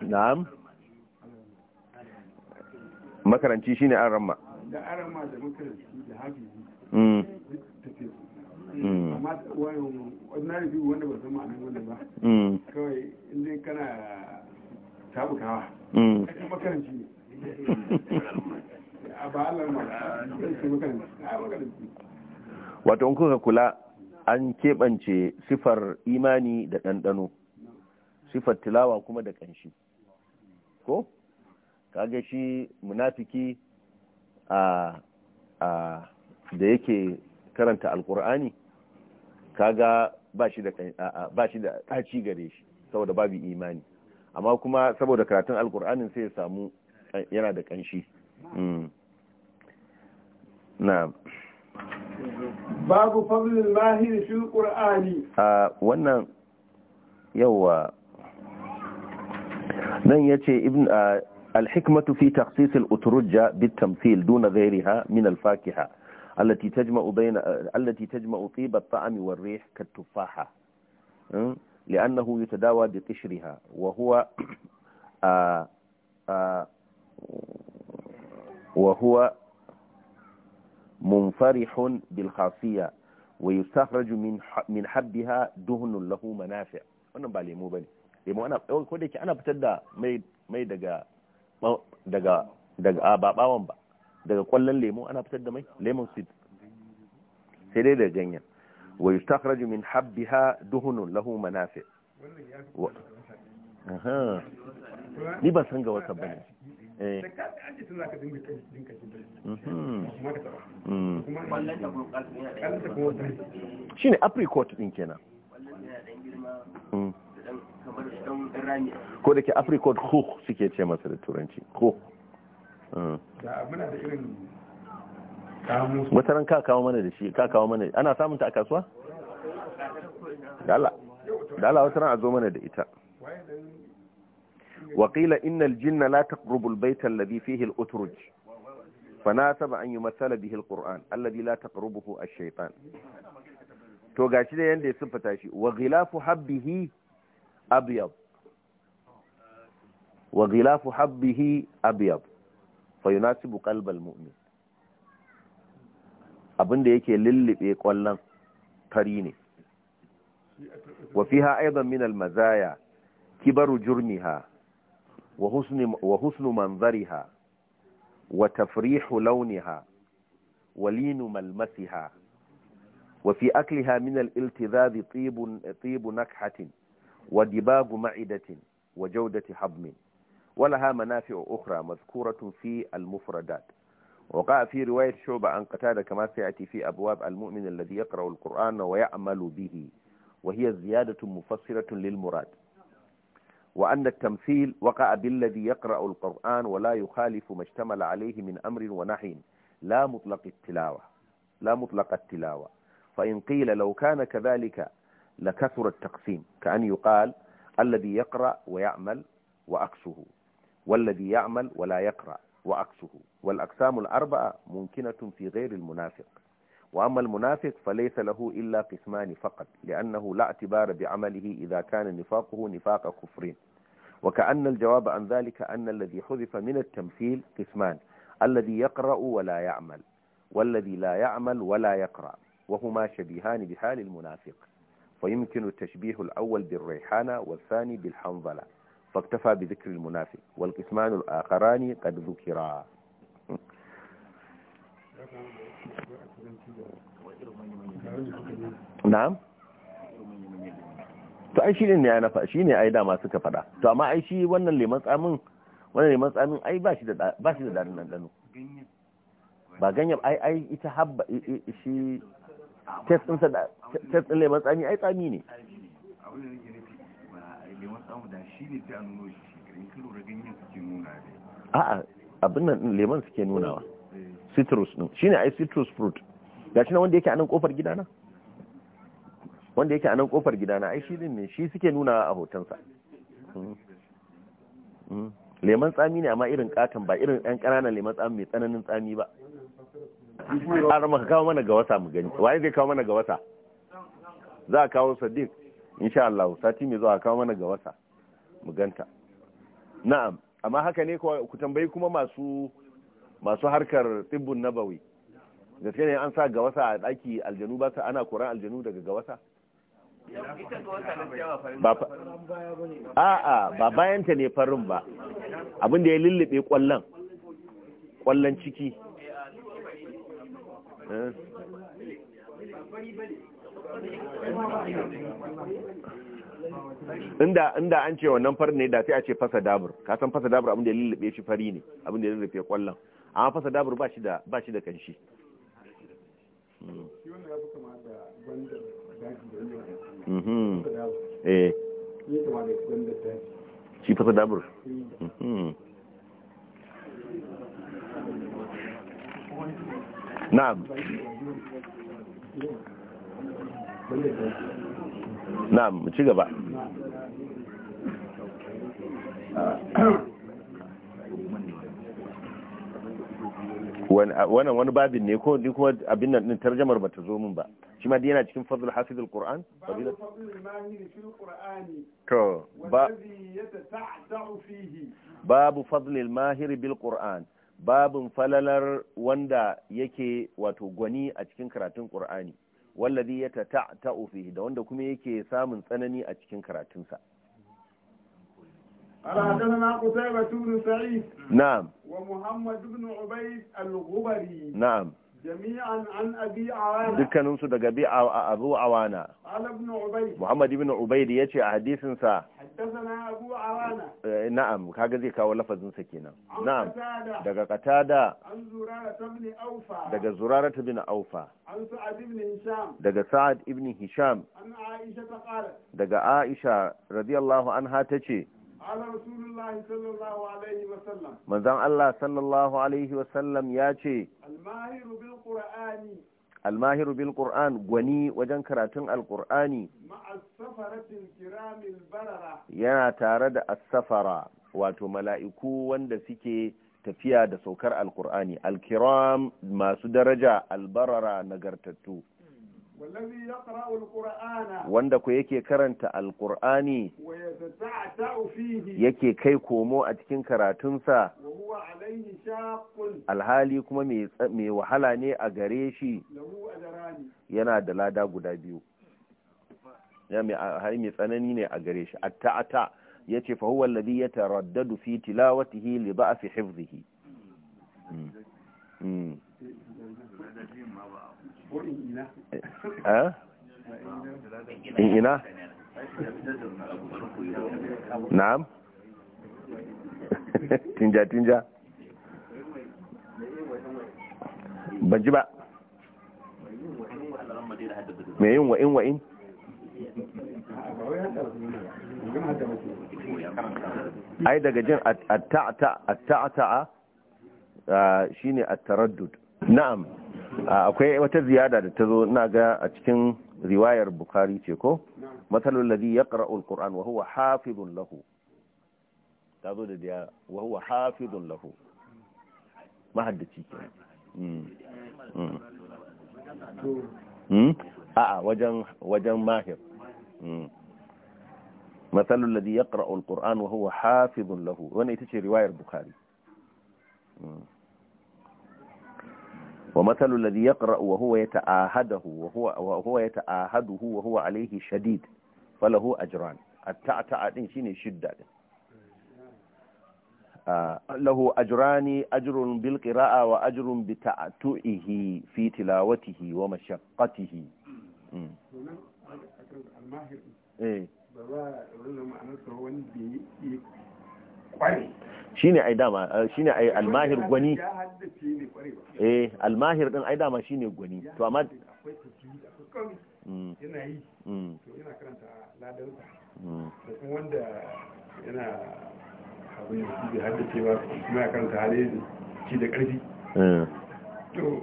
na'am makaranci shine an ramma da an ramma da makaranci da hafi mm. Mm. amma ordinary people wanda ba san ma'anar wanda ba mm. kawai in dai kana tabukawa kai mm. makaranci ne ba Allah ma kai makaranci wato in kuka kula an keɓance sifar imani da ɗanɗano sifar tilawa kuma da ƙanshi ko kaga shi munafiki a da yake karanta Alƙur'ani. kaga ba shi da ɗaci gare shi saboda babu imani amma kuma saboda karatun alkur'anin sai ya samu eh, yana da ƙanshi hmm. na babu fadlin lahiri fi alkur'ani a wannan yawa nan ya ibn al-hikmatu fi taksisil uturujja bitamfil duna tamthil duna min alfakiha. التي تجمع بين التي تجمع طيب الطعم والريح كالتفاحة لأنه يتداوى بقشرها وهو آآ آه، آآ آه، وهو منفرح بالخاصية ويستخرج من من حبها دهن له منافع أنا بالي مو بالي لما أنا ko da yake ana fitar da mai mai daga daga daga ba daga kwallon lemo ana fitar da mai lemon seed sai dai da ganyen wa yustakhraju min habbiha duhunun lahu manafi ni ba san ga wata bane eh mhm. shine apricot din kenan mm. ko da ke apricot hook suke ce masa da turanci hook muna da irin ka kawo mana da shi ka kawo mana ana samun ta a kasuwa da Allah ran a zo mana da ita waƙila innal jinna la taqrubu albayta alladhi fihi al-utruj fanasaba an yumassala bihi al-qur'an alladhi la taqrubuhu ash-shaytan to gashi da yanda ya siffata shi wa ghilafu habbihi abyad wa ghilafu habbihi abyad fayunasibu qalbal mu'min abinda yake lullube kwallon fari ne wa fiha aidan min al mazaya kibaru jurmiha wa husnu wa husnu manzariha wa tafrihu launiha wa linu malmasiha wa fi akliha min al iltizaz tibun tibu nakhatin wa dibagu ma'idatin wa jawdati habmin ولها منافع أخرى مذكورة في المفردات وقع في رواية شعبة عن قتادة كما سيأتي في أبواب المؤمن الذي يقرأ القرآن ويعمل به وهي زيادة مفسرة للمراد وأن التمثيل وقع بالذي يقرأ القرآن ولا يخالف ما اشتمل عليه من أمر ونحي لا مطلق التلاوة لا مطلق التلاوة فإن قيل لو كان كذلك لكثر التقسيم كأن يقال الذي يقرأ ويعمل وأقسه والذي يعمل ولا يقرأ وعكسه والأقسام الأربعة ممكنة في غير المنافق وأما المنافق فليس له إلا قسمان فقط لأنه لا اعتبار بعمله إذا كان نفاقه نفاق كفر وكأن الجواب عن ذلك أن الذي حذف من التمثيل قسمان الذي يقرأ ولا يعمل والذي لا يعمل ولا يقرأ وهما شبيهان بحال المنافق فيمكن التشبيه الأول بالريحانة والثاني بالحنظلة فاكتفى بذكر المنافق والقسمان الآخران قد ذكرا نعم to ai shi ne ya nafa shi ne ai dama suka fada to amma ai shi wannan leman tsamin wannan leman tsamin ai ba shi da ba shi da darin dano ba ganyen ai ai ita habba shi test din sa test din leman tsami ai tsami ne a'a abin nan lemon suke nunawa eh. citrus ne a yi citrus fruit Ga shi na wanda yake a nan kofar gidana wanda yake a nan kofar gidana yi shi din ne shi suke nunawa a hotonsa hmm. Hmm. lemon tsami ne amma irin katon ba irin ɗan ƙananan lemon tsami mai tsananin tsami ba a rama ka kawo mana ga wasa mu gani waye zai kawo mana ga wasa za a kawo sadiq insha Allah sati mai zuwa kawo mana ga wasa mu ganta na'am amma haka ne ku tambayi kuma masu masu harkar tibbun nabawi gaske ne an sa ga wasa a daki aljanu ba ana koran aljanu daga ga wasa a'a ba bayan ta ne farin ba abin da ya lullube kwallon kwallon ciki eh, inda inda an ce wannan farin ne da sai a ce fasa dabur ka san fasa dabur abin da ya lullube shi fari ne abin da ya lullube kwallon amma fasa dabur ba shi da ba shi da kanshi mm-hmm. eh. shi fasa dabur mm-hmm. na'am na'am mu ci gaba wannan wani babin ne ko ni kuma abin nan din tarjamar bata zo min ba shi ma yana cikin fadl hafiz alquran fadila to ba babu fadl almahir bil qur'an babun falalar wanda yake wato gwani a cikin karatun qur'ani walladi ya ta ta fihi da wanda kuma yake samun tsanani a cikin karatunsa. Al-Hadana na Sa'id. Na'am. Wa Muhammad ibn Ubayd al-Ghubari. Na'am. dukkaninsu daga bi abu awana muhammad ibn ubaid ya ce a hadisinsa na'am kaga zai kawo lafazinsa kenan na'am daga qatada daga ta bin aufa daga sa'ad ibn hisham daga aisha radiyallahu anha ta ce ala sallallahu alaihi wa sallam manzon Allah sallallahu alaihi ya ce almahiru bil qur'an gwani wajen karatun alqur'ani yana tare da asafara wato mala'iku wanda suke tafiya da saukar Alƙur'ani. alkiram masu daraja albarara nagartattu wanda ku yake karanta alkur'ani yake kai komo a cikin karatunsa alhali kuma mai wahala ne a gare shi yana da lada guda biyu ya mai tsanani ne a gare shi atta'ata ya ce fahuwa ladi ya taraddadu fi tilawatihi li fi hifzihi hmm. Hmm. Eh? in ina na'am tinja tinja ban ji ba me yin wa'in wa'in ai daga jin atta'ata'a shine a taraddud na'am akwai wata ziyada da ta zo na ga a cikin riwayar bukari ce ko matsalar ladhi ya ƙara'ul ƙur'an wa huwa hafizun lahu ta zo da diya wa huwa hafizun lahu mahaddaci ke hmm. Hmm. Hmm? a'a wajen wajen mahir matsalar ladhi ya ƙara'ul ƙur'an wa huwa hafizun lahu wani ita ce riwayar bukari ومثل الذي يقرأ وهو يتعاهده وهو, وهو يتعاهده وهو عليه شديد فله أجران التعتع دين شيني شدد آه له أجران أجر بالقراءة وأجر بتعتئه في تلاوته ومشقته إيه shine ai dama eh, shine ai almahir gwani eh almahir din ai dama shine gwani to amma mm. yana yi mm. to yana karanta ladarsa da mm. wanda yana abin da shi bai haddace ba kuma ya karanta halaye shi da karfi eh. to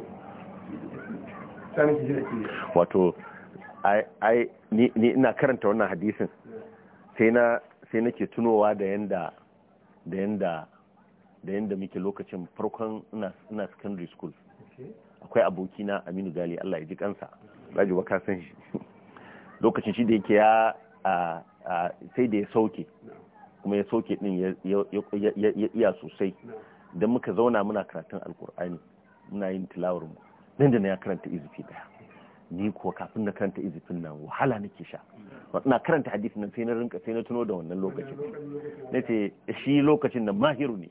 sani shi jira ki wato ai ni ina karanta wannan hadisin sai na sai nake tunowa da yanda da yadda muke lokacin farkon ina secondary school akwai abokina aminu gali allah ya ji kansa raji san shi lokacin shi da yake ya sai da ya sauke kuma ya sauke din ya iya sosai don muka zauna muna karatun alkur'ani muna yin tilawar mu nan da na ya karanta izufi daya ni kuwa kafin na karanta izifin nan wahala nake sha na karanta hadisi nan sai na rinka sai na tuno da wannan lokacin na ce shi lokacin da mahiru ne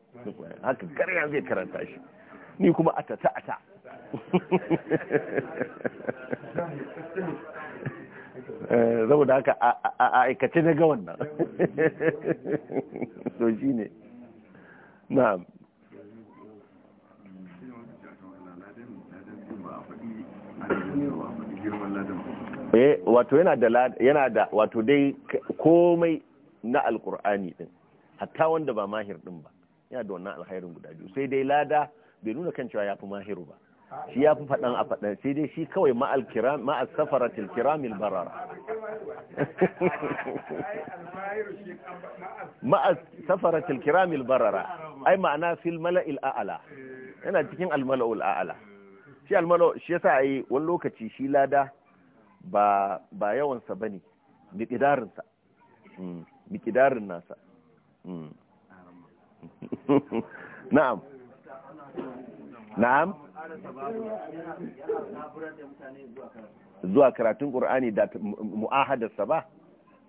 haka karya zai karanta shi ni kuma ata ta ata eh, saboda haka a aikace na ga wannan to shi ne na'am eh wato yana da yana da wato dai komai na alkur'ani din hatta wanda ba mahir din ba yana da wannan alkhairin guda biyu sai dai lada bai nuna kan cewa yafi mahiru ba shi yafi faɗan a faɗan sai dai shi kawai ma'al kiram ma'al safaratil kiramil barara ma'al safaratil kiramil barara ai ma'ana fil mala'il a'ala yana cikin al mala'ul a'ala shi al mala'u shi yasa ai wani lokaci shi lada ba ba yawansa ba ne miƙidarinsa mm, miƙidarin nasa mm. na'am na'am zuwa karatun ƙur'ani da mu'ahadarsa ba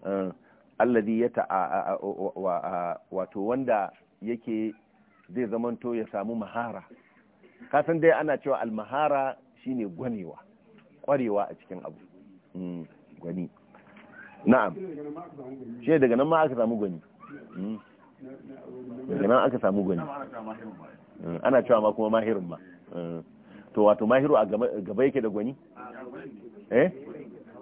eh, allazi ya ta wato wanda yake zai zamanto ya samu mahara kasan dai ana cewa almahara shine gwanewa ƙwarewa a cikin abu Mm, gwani na'am shi daga nan ma aka samu gwani mm. daga nan aka samu gwani mm, ana cewa ma kuma mahirin ma to wato mahiru a gaba yake da gwani eh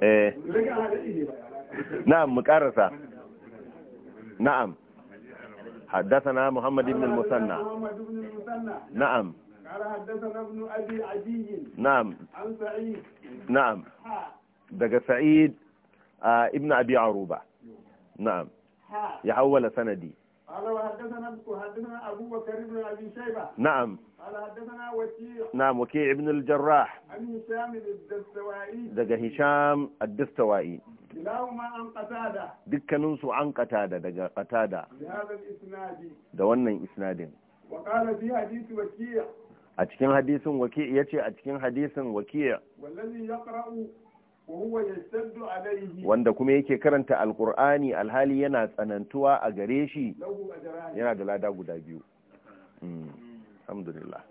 eh na'am mu karasa na'am حدثنا محمد بن المثنى نعم قال حدثنا ابن ابي عدي نعم عن سعيد نعم دقى سعيد ابن ابي عروبه نعم يحول سندي قال وحدثنا حدثنا ابو بكر بن ابي شيبه نعم قال حدثنا وكيع نعم وكيع بن الجراح عن هشام الدستوائي دقى هشام الدستوائي كلاهما عن قتاده دكنسو عن قتاده دقى قتاده بهذا الاسناد ده wannan isnadin وقال في حديث وكيع a cikin hadisin waki ya ce a cikin hadisin waki wallazi yaqra'u wanda kuma yake karanta alkur'ani alhali yana tsanantuwa a gare shi yana da lada guda biyu hmm. alhamdulillah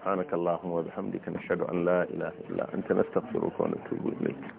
سبحانك اللهم وبحمدك نشهد أن لا إله إلا أنت نستغفرك ونتوب إليك